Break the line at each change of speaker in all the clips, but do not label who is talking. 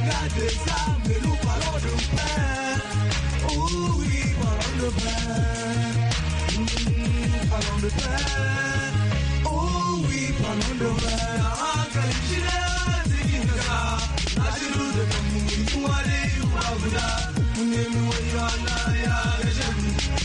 regarder ça, mais nous parlons de pain. Oh oui, parlons de pain. Mmh, parlons de pain. Oh oui, parlons de pain. Ah, Kalishina, Zikindaka, Najiru de Kamu, Kumari, Kumavuna, Unemu, Yana, Yana.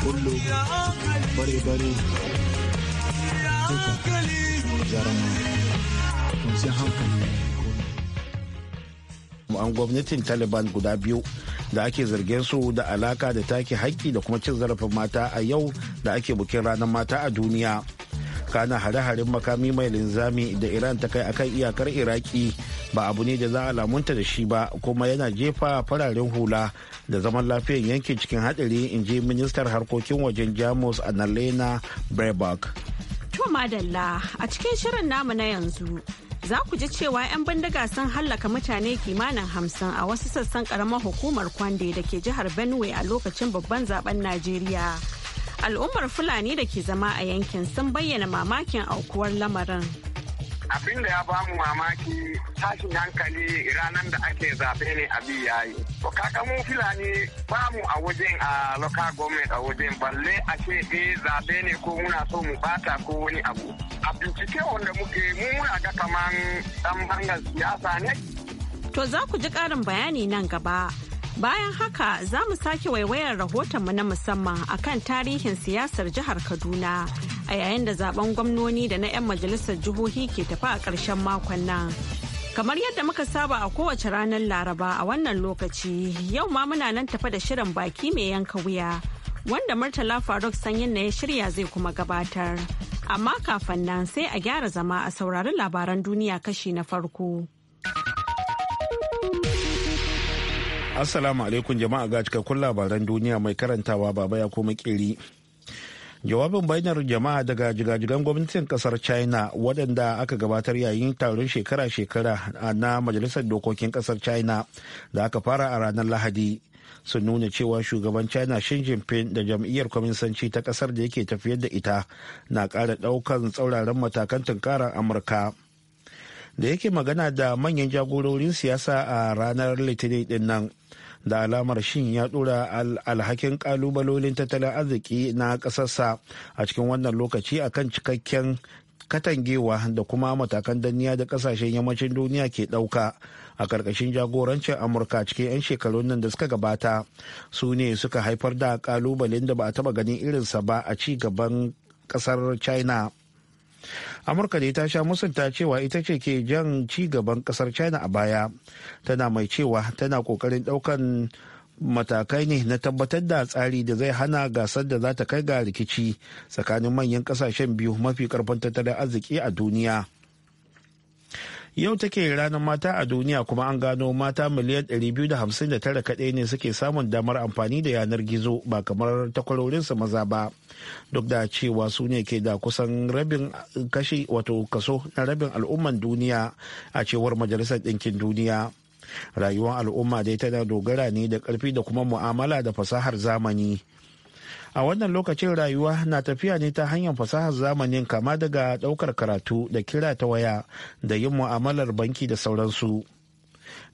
kullu bare-bare
an gwamnatin taliban guda biyu da ake zargin su da alaka da take haƙƙi da kuma cin zarafin mata a yau da ake bukin ranar mata a duniya na hare-haren makami mai linzami da iran ta kai akan iyakar iraki ba abu ne da za a lamunta da shi ba kuma yana jefa fararen hula da zaman lafiyan yankin cikin hadari in ji ministar harkokin wajen jamus annalena baerbock
to madalla a cikin shirin namu na yanzu za ku ji cewa 'yan bindiga sun hallaka mutane kimanin hamsin a wasu sassan karamar hukumar kwande da ke jihar benue a lokacin babban zaben najeriya al'ummar fulani da ke zama a yankin sun bayyana mamakin aukuwar lamarin
abin da ya bamu mamaki tashin hankali ranar da ake zaɓe ne abi yayi to kaga mu filani bamu a wajen a local government a wajen balle a ce eh zaɓe ne ko muna so mu bata ko wani abu a bincike wanda muke mu muna ga kaman dan bangar siyasa ne
to za ku ji ƙarin bayani nan gaba Bayan haka za mu sake waiwayar rahotonmu na musamman akan tarihin siyasar jihar Kaduna a yayin da zaben gwamnoni da na 'yan majalisar jihohi ke tafi a ƙarshen makon nan. Kamar yadda muka saba a kowace ranar Laraba a wannan lokaci yau ma muna nan tafa da shirin baki mai yanka wuya wanda Murtala Faruk sanyin na ya shirya zai kuma gabatar. Amma kafin nan sai a gyara zama a saurari labaran duniya kashi na farko.
Assalamu alaikum jama'a ga cikakkun labaran duniya mai karantawa baba ya koma kiri. Jawabin bainar jama'a daga jigajigan gwamnatin kasar China waɗanda aka gabatar yayin taron shekara-shekara na Majalisar Dokokin kasar China da aka fara a ranar Lahadi. sun nuna cewa shugaban china Xi Jinping da jam'iyyar kwaminsanci ta kasar da yake tafiyar da ita na ƙara ɗaukan tsauraran matakan tunkarar amurka da yake magana da manyan jagororin siyasa a ranar litinin din nan da alamar shin ya dora alhakin kalubalolin tattalin arziki na kasarsa a cikin wannan lokaci akan cikakken katangewa da kuma matakan danniya da kasashen yammacin duniya ke ɗauka a ƙarƙashin jagorancin amurka cikin 'yan shekarun nan da suka gabata su ne suka haifar da ƙalubalen da ba a taɓa ganin irinsa ba a ci gaban ƙasar china amurka dai ta sha musunta cewa ita ce ke jan ci gaban kasar china a baya tana mai cewa tana kokarin daukan matakai ne na tabbatar da tsari da zai hana gasar da za ta kai ga rikici tsakanin manyan kasashen biyu mafi karfin tattalin arziki a duniya Yau take ranar mata a duniya kuma an gano mata miliyan 259 kaɗai ne suke samun damar amfani da yanar gizo ba kamar takwarorinsu maza ba. Duk da cewa su ne ke da kusan rabin kashi wato kaso na rabin al'umman duniya a cewar Majalisar Ɗinkin Duniya. Rayuwar al'umma dai tana dogara ne da ƙarfi da kuma mu'amala da fasahar zamani. a wannan lokacin rayuwa na tafiya ne ta hanyar fasahar zamani kama daga daukar karatu da kira ta waya da yin mu'amalar banki da sauransu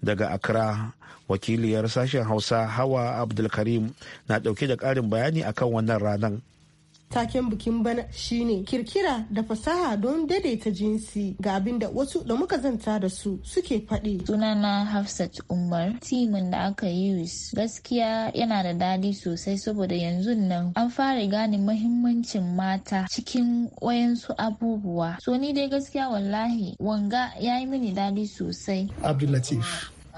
daga accra wakiliyar sashen hausa hawa abdulkarim na dauke da karin bayani akan wannan ranar
Taken bikin bana shine kirkira da fasaha don daidaita jinsi ga abin da wasu da muka zanta da su suke faɗi. Sunana Hafsat Umar, timin da aka yi gaskiya yana da dadi sosai saboda
yanzu nan an fara gane mahimmancin mata cikin wayansu abubuwa. So ni dai gaskiya wallahi wanga ya yi mini dadi sosai.
Abdul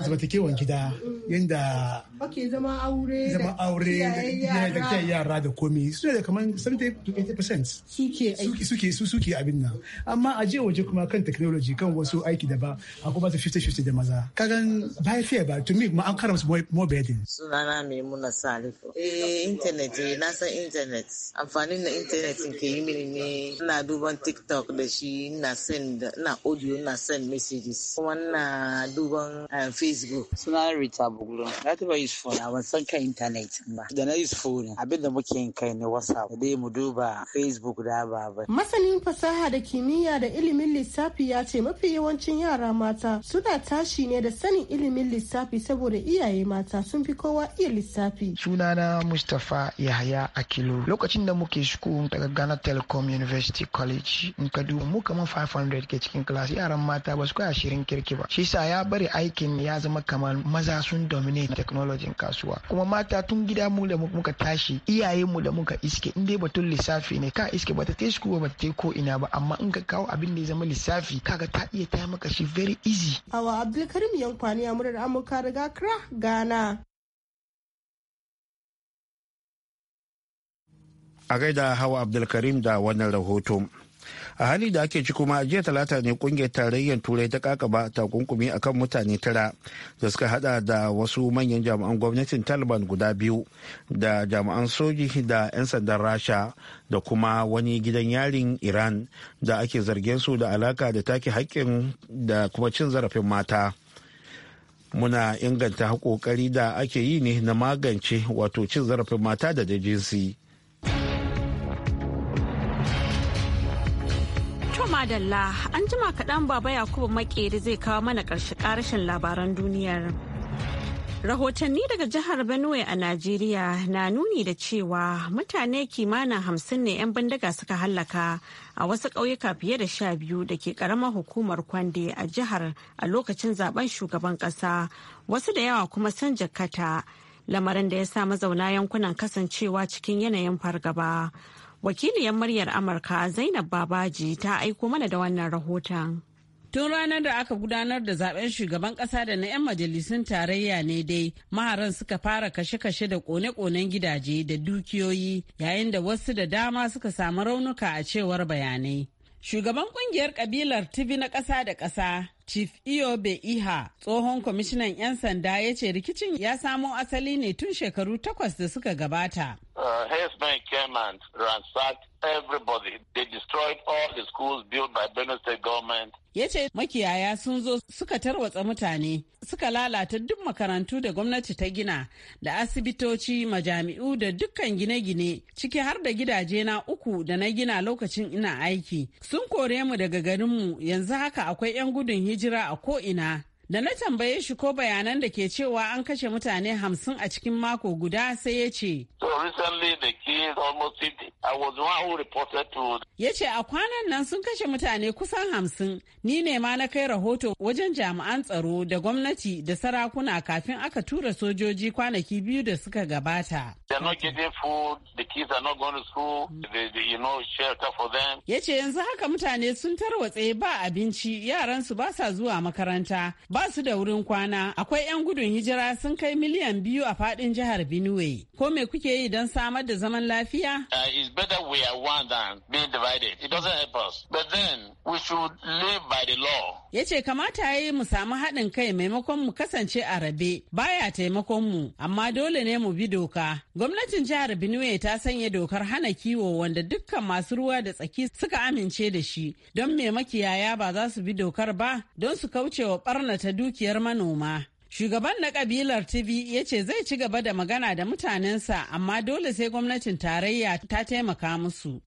zamantakewan gida yadda
zama aure zama aure da kiyaye
yara da komi suna da kamar 70-80% suke su suke abin nan amma a je waje kuma kan technology kan wasu aiki da ba a kuma su 50-50 da maza kagan baya fiye ba to me kuma an kara musu more burden
sunana maimuna salifu eh internet eh na san internet amfani na internet ke yi mini ne ina duban tiktok da shi ina send na audio ina send messages kuma ina duban facebook eh, facebook suna rita bugulun na taba use phone ban san kan internet ba da na use phone abin da muke yin kai ne whatsapp dai mu duba facebook da ba ba masanin fasaha da kimiyya da ilimin lissafi ya ce mafi yawancin yara mata suna tashi ne da sanin ilimin lissafi saboda iyaye mata sun fi kowa iya lissafi sunana mustapha
yahaya akilu lokacin da muke school daga ghana telecom university college in Kaduna mu kamar 500 ke cikin class yaran mata ba su kai ashirin kirki ba shi sa ya bari aikin ya zama kamar maza sun dominate technology kasuwa kuma mata tun gida mu da muka tashi iyaye mu da muka iske in dai batun lissafi ne ka iske bata ta school ba ta ko ina ba amma in ka kawo abin da ya zama lissafi kaga ta iya ta maka shi very easy
awa abdulkarim yankwani a murar amurka daga kra ghana
a gaida hawa abdulkarim da wannan rahoto a hali da ake ci kuma jiya talata ne kungiyar tarayyar turai ta kakaba a akan mutane tara da suka hada da wasu manyan jami'an gwamnatin taliban guda biyu da jami'an soji da 'yan sandan rasha da kuma wani gidan yarin iran da ake zargin su da alaka da take haƙƙin da kuma cin zarafin mata muna inganta haƙoƙari da ake yi ne na magance wato cin zarafin mata da jinsi.
madalla an jima kaɗan baba yakubu makeri zai kawo mana ƙarshe ƙarashin labaran duniyar rahotanni daga jihar benue a najeriya na nuni da cewa mutane kimanin hamsin ne 'yan bindiga suka hallaka a wasu ƙauyuka fiye da sha biyu da ke ƙaramar hukumar kwande a jihar a lokacin zaben shugaban ƙasa wasu da yawa kuma sun jakkata lamarin da ya sa mazauna yankunan kasancewa cikin yanayin fargaba wakiliyar muryar amurka zainab babaji ta aiko mana da wannan rahoton
Tun ranar da aka gudanar da zaben shugaban kasa da na 'yan majalisun tarayya ne dai maharan suka fara kashe-kashe da kone-konen gidaje da dukiyoyi yayin da wasu da dama suka samu raunuka a cewar bayanai. Shugaban kungiyar kabilar Tibi na ƙasa da ƙasa, Chief Iyobe Iha, tsohon kwamishinan 'yan sanda ya ce rikicin ya samo asali ne tun shekaru takwas da suka gabata. Uh, ya ce makiyaya sun zo suka tarwatsa mutane, suka lalata duk makarantu da gwamnati ta gina da asibitoci majami'u da dukkan gine-gine ciki har da gidaje na uku da na gina lokacin ina aiki sun kore mu daga garinmu yanzu haka akwai 'yan gudun hijira a ko'ina Da na tambaye shi ko bayanan da ke cewa an kashe mutane hamsin a cikin mako guda sai ya ce. Ya ce a kwanan nan sun kashe mutane kusan hamsin, ni ne ma na kai rahoto wajen jami'an tsaro da gwamnati da sarakuna kafin aka tura sojoji kwanaki biyu da suka gabata. Ya ce yanzu haka mutane sun tarwatse ba abinci yaransu ba sa zuwa makaranta. ba su da wurin kwana akwai 'yan gudun hijira sun kai miliyan biyu a fadin jihar Benue. Ko me kuke yi don samar da zaman lafiya?
Uh, it's better we are one than being divided. It doesn't help us. But then we should live by the law.
Ya ce kamata ya yi mu samu haɗin kai maimakon mu kasance a rabe baya taimakon mu amma dole ne mu bi doka. Gwamnatin jihar Benue ta sanya dokar hana kiwo wanda dukkan masu ruwa da tsaki suka amince da shi don me makiyaya ba za su bi dokar ba don su kauce wa ɓarnata ta dukiyar manoma Shugaban na kabilar tv ya ce zai ci gaba da magana da mutanensa amma dole sai gwamnatin tarayya ta taimaka musu.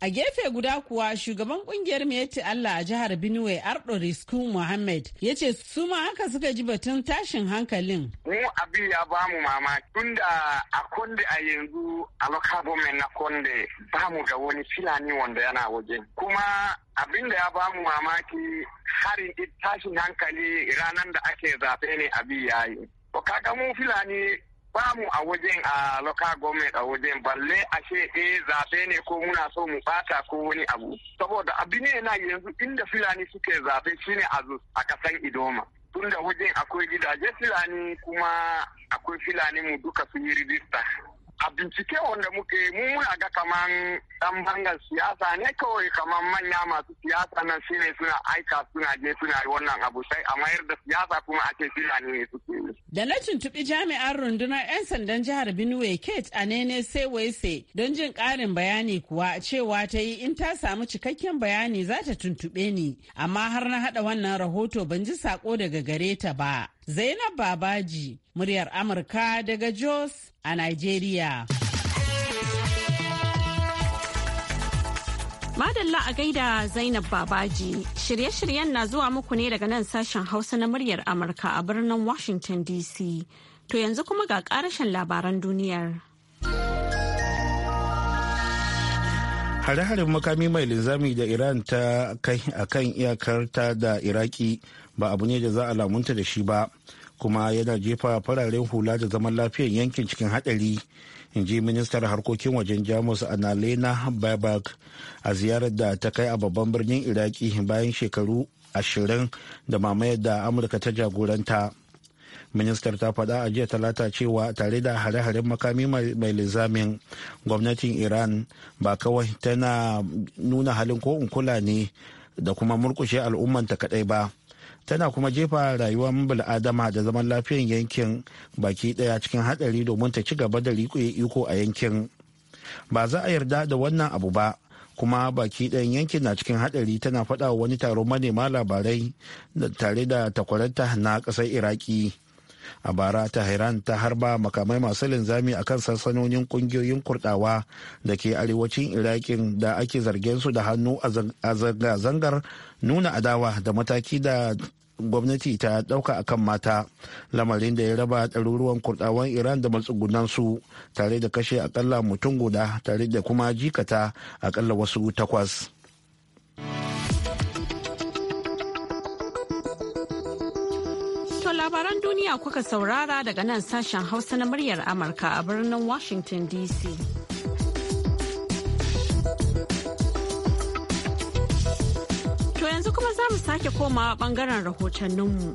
A gefe guda kuwa shugaban kungiyar Meti Allah a jihar Benue Ardo riskun Mohammed ya ce su ma haka suka ji batun tashin hankalin.
Mu abin ya ba mu mama da a konde a yanzu a na konde ba mu ga wani filani wanda yana waje. Kuma abin da ya ba mu mamaki harin tashin hankali ranar da ake zaɓe ne abi yayi to kaga mu filani ba mu a wajen a local government a wajen balle a ce eh zaɓe ne ko muna so mu ɓata ko wani abu saboda abin ne na yanzu inda filani suke zaɓe shine a kasan idoma tunda wajen akwai gidaje filani kuma akwai filani mu duka sun yi rijista a bincike wanda muke mu muna ga kaman dan bangar siyasa ne kawai kaman manya masu siyasa nan shine suna aika suna je suna yi wannan abu sai a mayar da siyasa kuma ake ce ne suke
da na tuntuɓi jami'ar rundunar 'yan sandan jihar benue kate anene sai don jin ƙarin bayani kuwa cewa ta yi in ta samu cikakken bayani za ta tuntuɓe ni amma har na haɗa wannan rahoto ban ji saƙo daga gare ta ba Zainab Babaji, muryar Amurka daga Jos a Nigeria. Madalla a gaida Zainab Babaji,
shirye-shiryen na zuwa muku ne daga nan sashen Hausa na muryar Amurka a birnin Washington DC. To yanzu kuma ga ƙarashin labaran duniyar.
Hare-haren makami mai linzami da Iran ta kai a kan iyakar da Iraki ba abu ne da za a lamunta da shi ba kuma yana jefa fararen hula da zaman lafiyar yankin cikin hadari in ji ministar harkokin wajen jamus annalena baibak a ziyarar da ta kai a babban birnin iraki bayan shekaru ashirin da mamayar da amurka ta jagoranta ministar ta faɗa a jiya talata cewa tare da hare-haren makami mai lizamin gwamnatin iran ba kawai tana nuna halin ko kula ne da kuma murkushe al'ummanta kadai ba tana kuma jefa rayuwar bil'adama da zaman lafiyan yankin baki daya cikin hadari domin ta ci gaba da riƙe iko a yankin ba za a yarda da wannan abu ba kuma baki ɗayan yankin na cikin hadari tana faɗa wani taron manema labarai tare da takwaranta na ƙasar iraki a bara iran ta harba makamai masu linzami a kan sansanonin kungiyoyin kurdawa da ke arewacin irakin da ake zargin su da hannu a zanga-zangar nuna adawa da mataki da gwamnati ta dauka akan mata lamarin da ya raba ɗaruruwan kurdawan iran da matsugunansu tare da kashe akalla mutum guda tare da kuma jikata akalla wasu takwas.
labaran duniya kuka saurara daga nan sashen hausa na muryar amurka a birnin washington dc to yanzu kuma za mu sake komawa bangaren rahotanninmu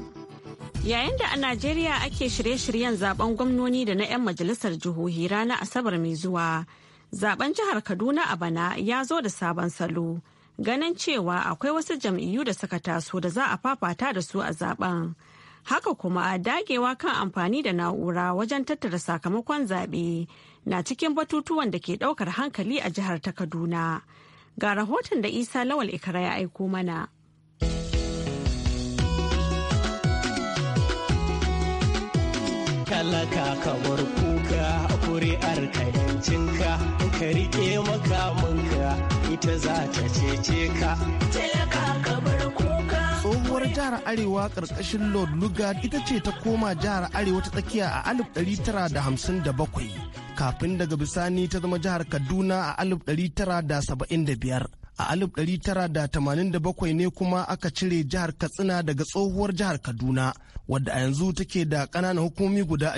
yayin da a najeriya ake shirye-shiryen zaben gwamnoni da na 'yan majalisar jihohi rana asabar mai zuwa zaben jihar kaduna a bana ya zo da sabon salo ganin cewa akwai wasu jam'iyyu da suka taso da za a fafata da su a zaben haka kuma dagewa kan amfani da na'ura wajen tattara sakamakon zaɓe na cikin batutuwan da ke ɗaukar hankali a jihar ta kaduna ga rahoton da isa lawal ikara ya aiko mana
talaka kamar kuka kuri'ar kayancinka ka rike makamanka ita za ta cece ka
jihar Arewa ƙarƙashin Lord Lugard ita ce ta koma jihar Arewa ta tsakiya a 1957 kafin daga bisani ta zama jihar Kaduna a 1975. a 1987 ne kuma aka cire jihar katsina daga tsohuwar jihar kaduna wadda a yanzu take da ƙananan hukumomi guda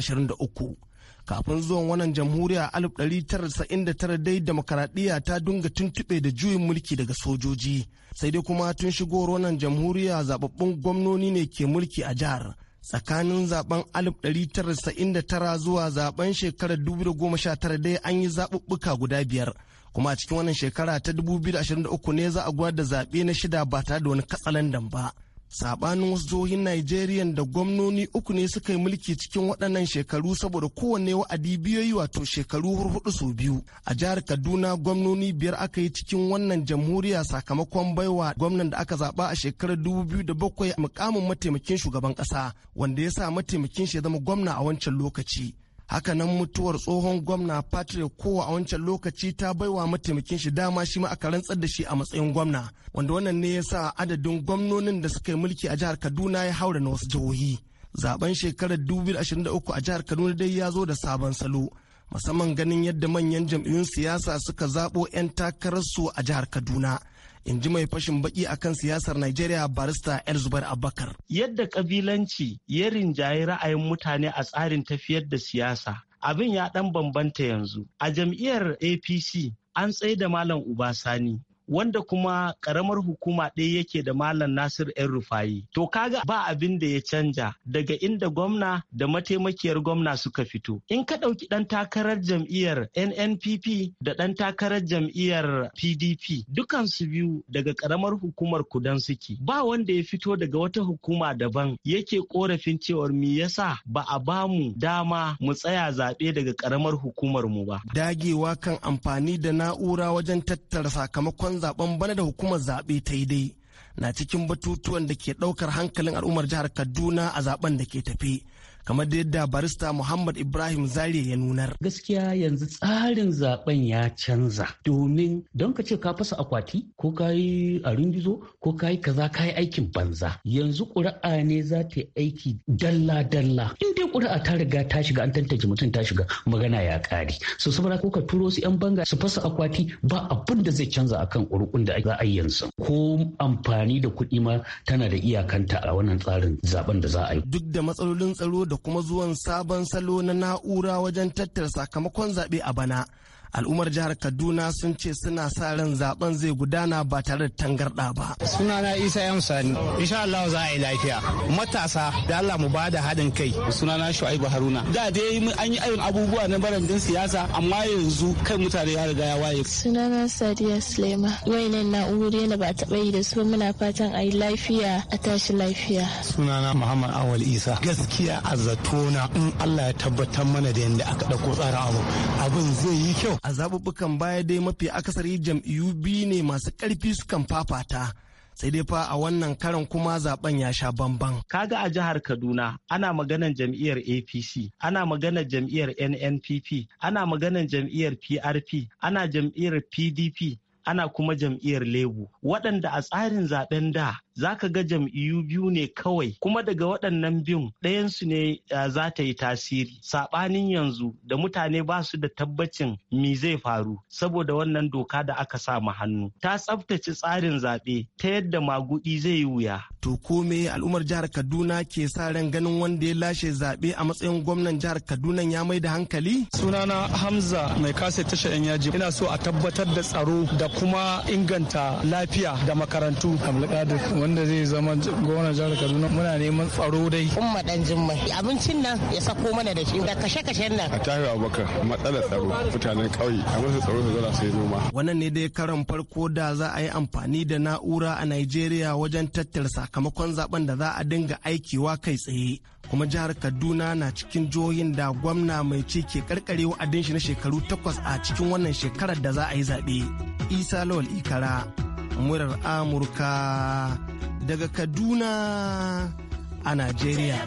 kafin zuwan wannan jamhuriya 1999 dai demokaradiyya ta dunga tuntuɓe da juyin mulki daga sojoji sai dai kuma tun shigowar wannan jamhuriya zababbun gwamnoni ne ke mulki a jihar tsakanin zaben 1999 zuwa zaben shekarar 2019 dai an yi zaɓuɓɓuka guda biyar kuma a cikin wannan shekara ta 2023 ne za a gwada zaɓe na shida ba tare da wani katsalandan ba sabanin wasu jihohin Najeriya da gwamnoni uku ne suka yi mulki cikin waɗannan shekaru saboda kowanne wa'adi biyoyi wato shekaru hurhudu su biyu. A jihar Kaduna gwamnoni biyar aka yi cikin wannan jamhuriya sakamakon baiwa gwamnan da aka zaɓa a shekarar dubu biyu da bakwai mukamin mataimakin shugaban ƙasa wanda ya sa mataimakin shi ya zama gwamna a wancan lokaci. hakanan mutuwar tsohon gwamna patrick kowa a wancan lokaci ta baiwa mataimakin shi dama shi ma aka rantsar da shi a matsayin gwamna wanda wannan ne ya sa adadin gwamnonin da suka yi mulki a jihar kaduna ya haura na wasu jihohi zaben shekarar 2023 a jihar kaduna dai ya zo da sabon salo musamman ganin yadda manyan jam'iyyun siyasa suka zaɓo 'yan takararsu a jihar kaduna in ji mai fashin baki akan siyasar Najeriya
barista Elzubar Abakar. Abubakar. Yadda kabilanci ya rinjaye ra'ayin mutane a tsarin tafiyar da siyasa abin ya dan bambanta yanzu. A jam'iyyar APC an tsaye da Malam Ubasani wanda kuma karamar hukuma ɗaya yake da Malam Nasir ‘yan rufayi. To kaga ba abin da ya canja daga inda gwamna da mataimakiyar gwamna suka fito. In ka ɗauki ɗan takarar jam'iyyar NNPP da ɗan takarar jam'iyyar PDP dukansu biyu daga karamar hukumar kudan suke. Ba wanda ya fito daga wata hukuma daban yake korafin cewar me yasa ba a bamu dama mu tsaya zaɓe daga karamar hukumar mu ba.
Dagewa kan amfani da na'ura wajen tattara sakamakon an zaben bana da hukumar zaɓe ta yi dai na cikin batutuwan da ke ɗaukar hankalin al'ummar jihar kaduna a zaben da ke tafi kamar da yadda
barista Muhammad Ibrahim Zare ya nunar. Gaskiya yanzu tsarin zaben ya canza domin don ka ce ka fasa akwati ko ka yi a ringizo ko ka yi kaza ka yi
aikin banza yanzu ƙuri'a ne za ta yi aiki dalla-dalla in dai ƙuri'a ta riga ta shiga an tantance mutum ta shiga magana ya ƙare so saboda ko ka turo su 'yan banga su fasa akwati ba abin da zai canza akan ƙuri'un da za a yi yanzu ko amfani da kuɗi ma tana da iyakanta a wannan tsarin zaben da za a yi. Duk
da matsalolin tsaro da da kuma zuwan sabon salo na na'ura wajen tattara sakamakon zaɓe a bana al'ummar jihar kaduna sun ce suna sa ran zaben zai gudana ba tare da tangarda ba
sunana isa yan sani insha Allah za a yi lafiya matasa da Allah mu bada haɗin kai sunana shu'aibu haruna da dai an yi abubuwa na din siyasa amma yanzu kai mutane ya riga ya waye
sunana sadiya sulema wayannan na'urori na ba taɓa yi da su muna fatan a yi lafiya
a tashi lafiya
sunana muhammad awal isa gaskiya a zatona in
Allah ya tabbatar mana da yanda aka ɗauko tsara abu abin zai yi kyau a zaɓuɓɓukan baya dai mafi akasari jam'iyyu biyu ne masu ƙarfi sukan fafata sai dai fa a wannan
karan kuma zaben ya sha bamban. Kaga a jihar Kaduna ana maganan jam'iyyar APC, ana maganan jam'iyyar NNPP, ana maganan jam'iyyar PRP, ana jam'iyyar PDP, ana kuma jam'iyyar Lebu. Waɗanda a tsarin zaben da za ka ga jam'iyyu biyu ne kawai kuma daga waɗannan biyun ɗayansu ne za ta yi tasiri saɓanin yanzu da mutane ba su da tabbacin mi zai faru saboda wannan doka da aka sa mu hannu ta tsaftace tsarin zaɓe ta yadda magudi zai yi wuya. To kome al'ummar jihar Kaduna ke sa ran ganin wanda ya lashe zaɓe a matsayin
gwamnan jihar Kaduna ya mai da hankali? Sunana
Hamza mai kasa tashar yan yaji ina so a tabbatar da tsaro da kuma inganta lafiya da makarantu. wanda zai zama gona jihar kaduna muna neman tsaro dai kun
madan jimmai abincin nan ya sako mana da shi da kashe-kashen
nan a
tafi abubakar matsalar tsaro mutanen ƙauye a musu tsaro su zara sai noma
wannan ne dai karan farko da za a yi amfani da na'ura a nigeria wajen tattara sakamakon zaben da za a dinga aikiwa kai tsaye kuma jihar kaduna na cikin jihohin da gwamna mai ci ke karkare wa'adin shi na shekaru takwas a cikin wannan shekarar da za a yi zaɓe isa lawal ikara murar Amurka daga Kaduna a Najeriya.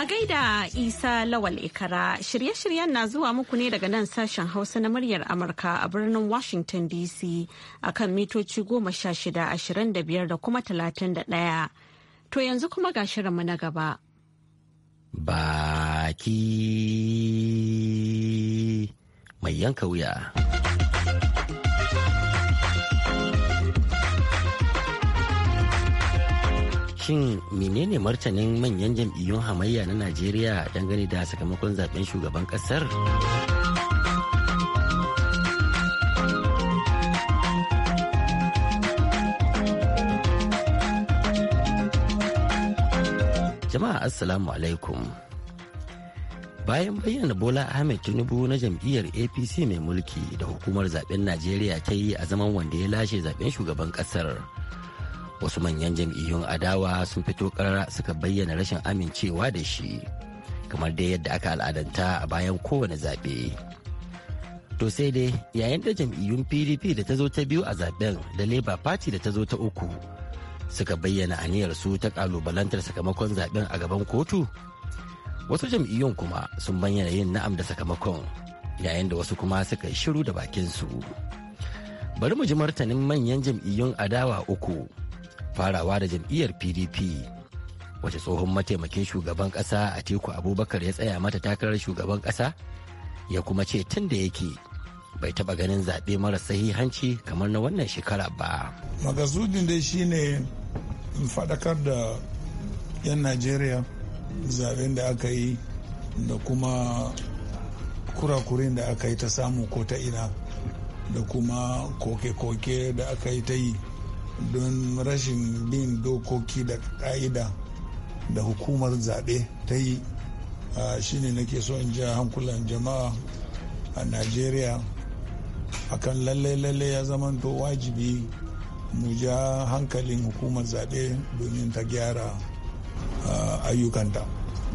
A gaida Isa Lawal Ikara, shirye-shiryen na zuwa muku ne daga nan sashen Hausa na muryar Amurka a birnin Washington DC a kan mitoci goma sha shida ashirin da biyar da kuma talatin da ɗaya. To yanzu kuma ga shirinmu na gaba.
baki mai yanka wuya. Shin menene martanin manyan jam'iyyun hamayya na Najeriya dangane da sakamakon zaben shugaban kasar? Jama'a Assalamu alaikum. Bayan bayyana Bola Ahmed Tinubu na jam'iyyar APC mai mulki da hukumar zaben Najeriya ta yi a zaman wanda ya lashe zaben shugaban kasar. Wasu manyan jam'iyyun adawa sun fito karara suka bayyana rashin amincewa da shi, kamar dai yadda aka al'adanta a bayan kowane zaɓe. To sai dai yayin da jam'iyyun PDP da ta zo ta biyu a zaben da Labour Party da ta zo ta uku suka bayyana aniyar su ta kalubalantar sakamakon zaben a gaban kotu wasu jam'iyyun kuma sun bayyana yin na'am da sakamakon yayin da wasu kuma suka shiru da bakinsu bari mu ji martanin manyan jam'iyyun adawa uku farawa da jam'iyyar pdp wace tsohon mataimakin shugaban kasa a teku abubakar ya tsaya mata takarar shugaban kasa ya kuma ce tun da yake bai taba ganin zaɓe mara sahihanci kamar na wannan shekara ba.
magazudin dai shine faɗakar da 'yan najeriya zaben da aka yi da kuma kurakurin da aka yi ta samu ko ta ina da kuma koke-koke da aka yi ta yi don rashin bin dokoki da ƙa'ida da hukumar zaɓe ta yi shine nake so in ja hankulan jama'a a najeriya akan lalle-lalle ya zamanto wajibi mu ja hankalin hukumar zaɓe domin ta gyara ayyukanta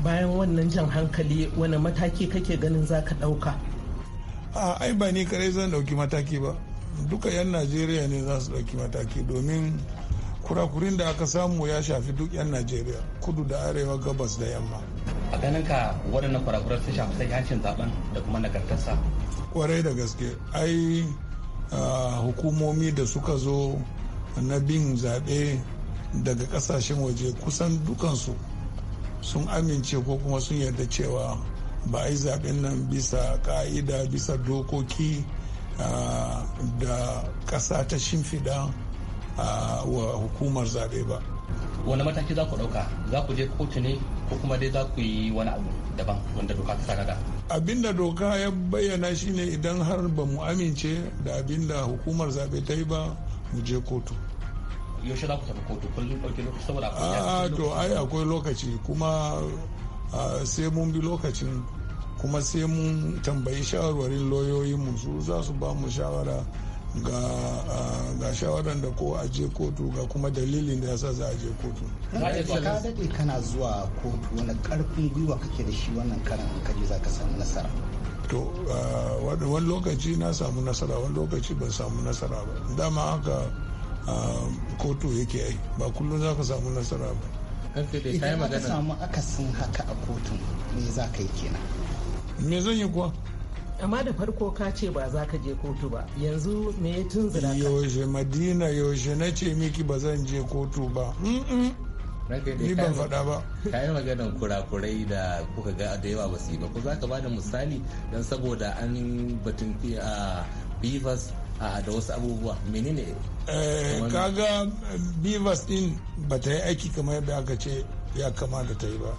bayan wannan jan hankali wani mataki kake ganin za ka ɗauka
ai ba ni kare zan ɗauki mataki ba duka 'yan najeriya ne za su ɗauki mataki domin kurakurin da aka samu ya shafi duk 'yan najeriya kudu da arewa gabas da yamma a ganin ka
waɗannan kurakurar sun shafi sahihancin zaben da kuma nagartarsa
kwarai da gaske ai hukumomi da suka zo na bin zaɓe daga ƙasashen waje kusan dukansu sun amince ko kuma sun yarda cewa ba a yi zaɓen nan bisa ƙa'ida bisa dokoki da ƙasa ta shimfiɗa wa hukumar zaɓe
ba wani mataki za ku ɗauka za ku je kotu ne ko kuma dai za ku yi wani abu daban wanda doka ta tanada
abin da doka ya bayyana shine idan har ba mu amince da abin da hukumar zaɓe ta yi ba mu je kotu
yaushe za ku tafi kotu kullum ɗauki lokaci saboda akwai a ah, to ai akwai
lokaci kuma ah, sai mun bi lokacin kuma sai mun tambayi shawarwarin lauyoyinmu su za su ba mu shawara ga ah, ga shawaran da ko a je kotu ga kuma dalilin da yasa za a je kotu. ka daɗe kana
zuwa kotu wani karfin gwiwa kake da shi
wannan karan
kaji za ka samu nasara.
to wani lokaci na samu nasara wani lokaci ban samu nasara ba dama haka kotu yake ai ba kullum za ka samu nasara ba idan aka samu
akasin haka a kotun me
za ka yi kenan me zan yi kuwa amma da farko ka ce ba za ka je kotu ba
yanzu me tun zira ka yaushe madina yaushe na ce miki ba zan je kotu ba ni ban faɗa ba
ka yi maganar kurakurai da kuka ga da yawa ba su yi ba ko za ka bada misali don saboda an batun bivas da wasu abubuwa menene
eh, kaga eh, bivas din ba ta yi aiki kamar yadda aka ce ya kamata ta yi ba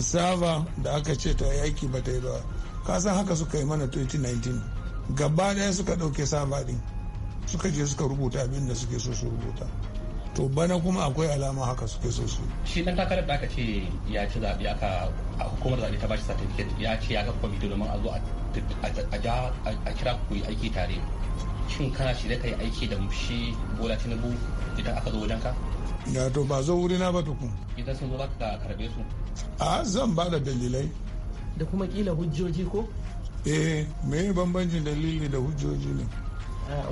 sava da aka ce ta yi aiki ba ta yi ba kasan haka suka yi mana 2019 gaba ɗaya suka ɗauke sava din suka je suka rubuta abin da suke so su rubuta to bana kuma akwai alama haka suke so su
shi dan takarar da aka ce ya ci zaɓe aka hukumar zaɓe ta bashi certificate ya ce ya ga kwamiti domin a zo a kira ku yi aiki tare shin kana shi da kai aiki da shi bola tinubu idan aka zo wajen ka da
to ba zo wuri na ba tukun
idan sun zo ba ka karbe su
a zan ba da dalilai
da kuma kila hujjoji ko eh me bambancin dalili da hujjoji ne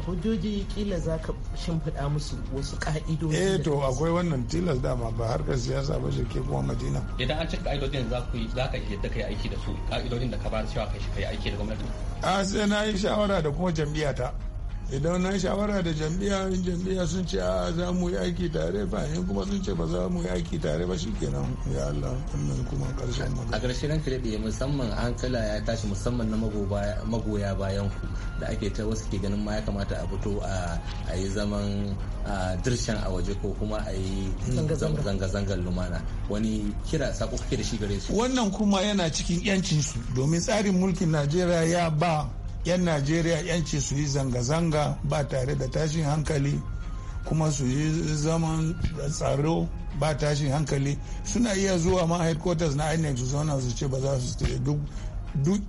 hujjoji kila za ka shimfiɗa musu wasu ka'idoji eh to akwai
wannan tilas dama ba harkar siyasa ba shi ke kuma madina
idan an cika ka'idojin za ku za ka yadda kai aiki da su ka'idojin da ka ba da cewa kai shi kai aiki da gwamnati
a ah, sai na yi shawara da kuma jam'iyyata idan na shawara da jam'iyya in jam'iyya sun ce a za mu yi aiki tare ba in kuma sun ce ba za mu yi aiki tare ba shi kenan
ya Allah wannan kuma karshen magana a karshen ranka daɗe musamman hankala ya tashi musamman na magoya bayan ku da ake ta wasu ke ganin ma ya kamata a fito a yi zaman dirshan a waje ko kuma a yi zanga-zangar lumana wani kira sako kake da shi gare su
wannan kuma yana cikin 'yancinsu domin tsarin mulkin najeriya ya ba 'yan najeriya yanci su yi zanga-zanga ba tare da tashin hankali kuma su yi zaman tsaro ba tashin hankali suna iya zuwa ma headquarters na inec su zauna su ce ba za su tsaye duk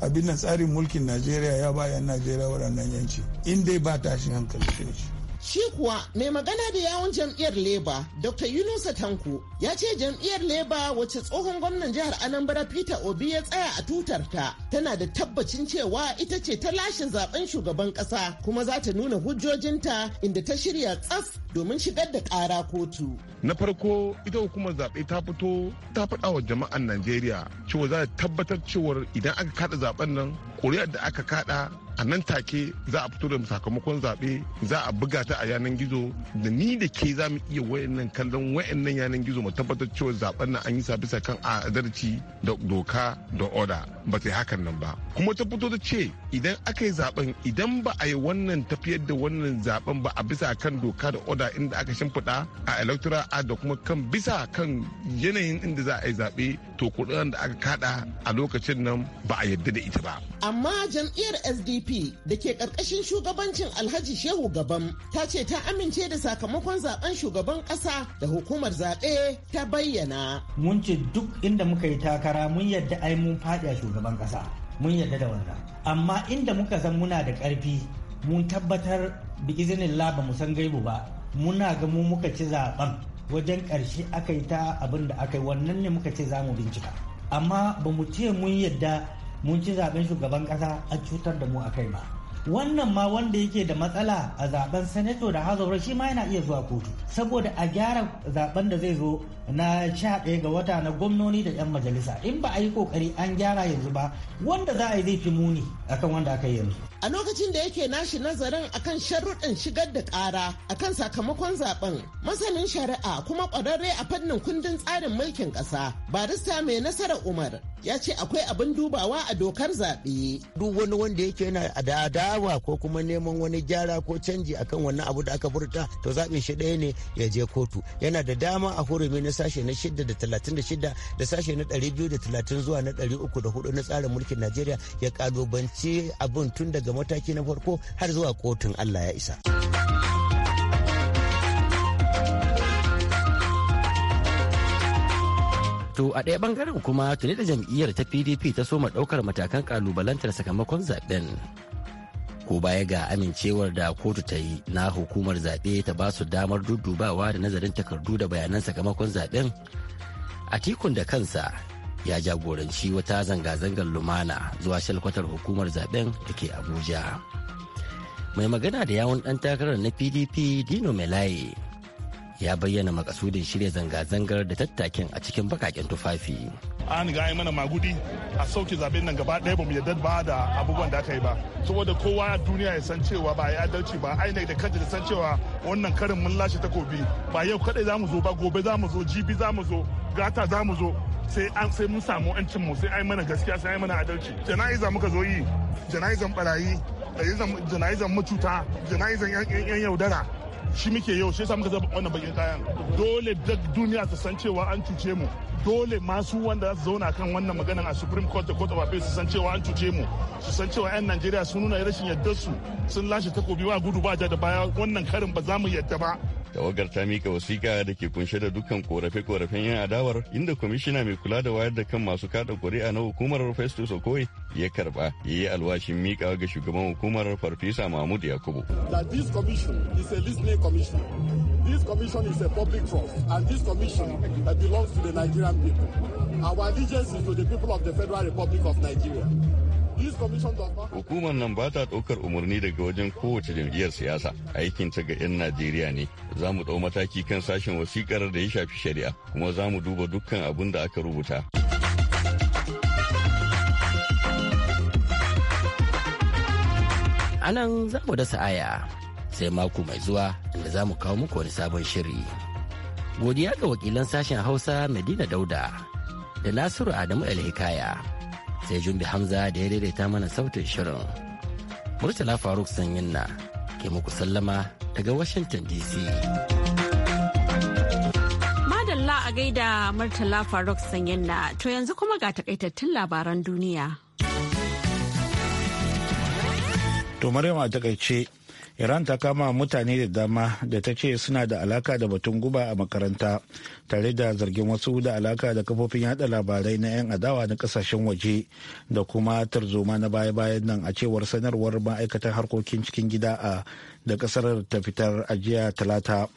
abin da tsarin mulkin najeriya ya ba 'yan najeriya waɗannan yanci in dai ba tashin hankali shi
Shi kuwa mai magana da yawon jam'iyyar Leba, Dr. Yunusa Tanko, ya ce jam'iyyar Leba wacce tsohon gwamnan jihar Anambra Peter Obi ya tsaya a tutarta, tana da tabbacin cewa ita ce ta lashe zaben shugaban kasa kuma za ta nuna hujjojinta inda ta shirya tsaf domin shigar da kara kotu.
Na farko ita hukumar zabe ta fito ta faɗa wa jama'an Najeriya cewa za
ta tabbatar cewa idan aka kada zaben nan, kuri'ar da aka kada a nan take za a fito da sakamakon zaɓe za a buga ta a yanar gizo da ni da ke za mu iya wayannan kallon wayannan yanar gizo mu tabbatar cewa zaben nan an yi sa bisa kan adalci da doka da oda ba ta hakan nan ba kuma ta fito da ce idan aka yi zaben idan ba a yi wannan tafiyar da wannan zaben ba a bisa kan doka da oda inda aka shimfiɗa a electoral ad da kuma kan bisa kan yanayin inda za a yi zaɓe to kuɗin da aka kaɗa a lokacin nan ba a yarda da ita ba amma jam'iyyar sdp da ke ƙarƙashin shugabancin alhaji shehu gaban ta ce ta amince da sakamakon zaben shugaban kasa
da hukumar zaɓe ta bayyana mun ce duk inda muka yi takara mun yadda ai mun faɗi a shugaban kasa mun yadda da wannan amma inda muka san muna da ƙarfi mun tabbatar bi izinin laba mu san gaibu ba muna ga mu muka ci zaben wajen ƙarshe aka yi ta abin da aka yi wannan ne muka ce za mu bincika amma ba mu ce mun yadda mun ci zaben shugaban kasa a cutar da mu a kai ba wannan ma wanda yake da matsala a zaben sanato da hazaura shi ma yana iya zuwa kotu saboda a gyara zaben da zai zo na sha ɗaya ga wata na gwamnoni da 'yan majalisa in ba a yi kokari an gyara yanzu ba wanda za a yi zai fi muni akan wanda aka yi yanzu a lokacin da yake nashi nazarin akan sharruɗin shigar da ƙara akan sakamakon zaben masanin shari'a
kuma ƙwararre a fannin kundin tsarin mulkin ƙasa barista mai nasara umar ya ce akwai abin dubawa a dokar zaɓe. Duk wani wanda yake yana adawa ko kuma neman
wani gyara ko canji akan wannan abu da aka furta to zaɓin shi ɗaya ne ya je kotu. Yana da dama a hurumi na sashe na shida da talatin da shida da sashe na ɗari biyu da talatin zuwa na ɗari uku da hudu na tsarin mulkin Najeriya ya ƙalubanci abin tun daga daga mataki na farko har zuwa kotun allah ya isa
To a ɗaya bangaren kuma tuni da jam'iyyar ta PDP ta soma ɗaukar matakan kalubalantar sakamakon zaɓen Ko baya ga amincewar da kotu ta yi na hukumar zaɓe ta ba su damar dudubawa da nazarin takardu da bayanan sakamakon zaɓen A tikun da kansa ya jagoranci wata zanga-zangar lumana zuwa shalkwatar hukumar zaben da ke abuja mai magana da yawon dan takarar na pdp dino melaye ya bayyana makasudin shirya zanga-zangar da tattakin a cikin bakaken tufafi
an ga yi mana magudi a sauke zaben nan gaba ɗaya ba mu yarda ba da abubuwan da aka yi ba saboda kowa a duniya ya san cewa ba ya adalci ba ainihin da kanta da san cewa wannan karin mun lashe takobi ba yau kadai za mu zo ba gobe za mu zo jibi za mu zo gata za mu zo sai an sai mun samu yancin mu sai ai mana gaskiya sai ai mana adalci jana'iza muka zo yi jana'izan barayi jana'izan mututa jana'izan yan yaudara shi muke yau sai muka zaba wannan bakin kayan dole duk duniya ta san cewa an cuce mu dole masu wanda za su zauna kan wannan maganan a supreme court da court of appeal su san cewa an cuce mu su san cewa 'yan najeriya sun nuna rashin yardar su sun lashe takobi wa gudu ba da baya wannan karin ba za mu yadda ba
tawagar ta mika wasiƙa da ke
kunshe da dukkan korafe-korafen yan adawar inda kwamishina mai kula da wayar da kan masu kada kuri'a na hukumar festus okoye ya karba ya yi alwashin mika ga shugaban hukumar farfesa mahmud yakubu
this commission is a listening commission this commission is a public trust and this commission uh, belongs to the nigerian people our allegiance is to the people of the federal
republic of nigeria
Hukumar nan ba ta ɗaukar umarni daga wajen kowace jam'iyyar siyasa. Aikin ta ga 'yan Najeriya ne. Za mu ɗau mataki kan sashen wasikar da ya shafi shari'a, kuma za mu duba dukkan abin da aka rubuta.
A nan za mu dasa aya, sai mako mai zuwa inda za mu kawo muku wani sabon shiri. Godiya ga wakilan sashen Hausa Medina Dauda da Nasiru Adamu El Hikaya. sai jumbi hamza da ya daidaita mana sautin shirin murtala faruk sanyin ke muku sallama daga washington dc
madalla a gaida murtala faruk sanyin to yanzu kuma ga takaitattun labaran duniya
to maryam a takaice iran ta kama mutane da dama da ta ce suna da alaka da batun guba a makaranta tare da zargin wasu da alaka da kafofin yada labarai na 'yan adawa na kasashen waje da kuma tarzoma na baya-bayan nan a cewar sanarwar ma'aikatan harkokin cikin gida a da kasar ta fitar ajiya talata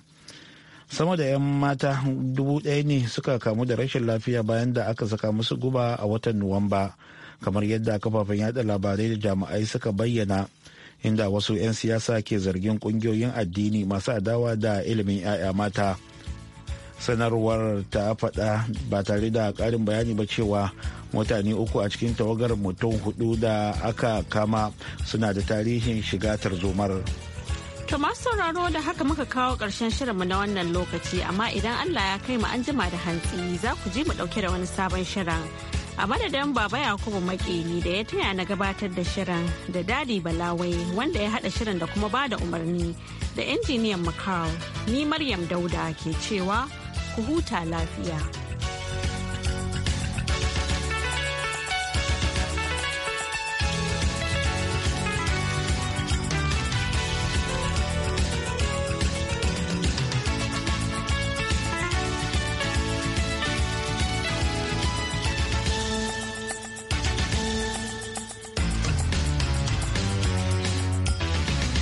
sama da 'yan mata dubu ɗaya ne suka kamu da rashin lafiya bayan da aka saka musu guba a watan nuwamba kamar yadda kafafen yada labarai da jami'ai suka bayyana inda wasu 'yan siyasa ke zargin kungiyoyin addini masu adawa da ilimin 'ya'ya mata sanarwar ta faɗa ba tare da karin bayani ba cewa mutane uku a cikin tawagar mutum hudu da aka kama suna da tarihin shiga tarzomar.
To masu sauraro da haka muka kawo ƙarshen shirinmu na wannan lokaci amma idan Allah ya kai mu an jima da hantsi za ku ji mu ɗauke da wani sabon shirin. a madadin baba yakubu makeni da ya taya na gabatar da shirin da dadi balawai wanda ya hada shirin da kuma bada umarni da injiniyan macau ni maryam dauda ke cewa ku huta lafiya.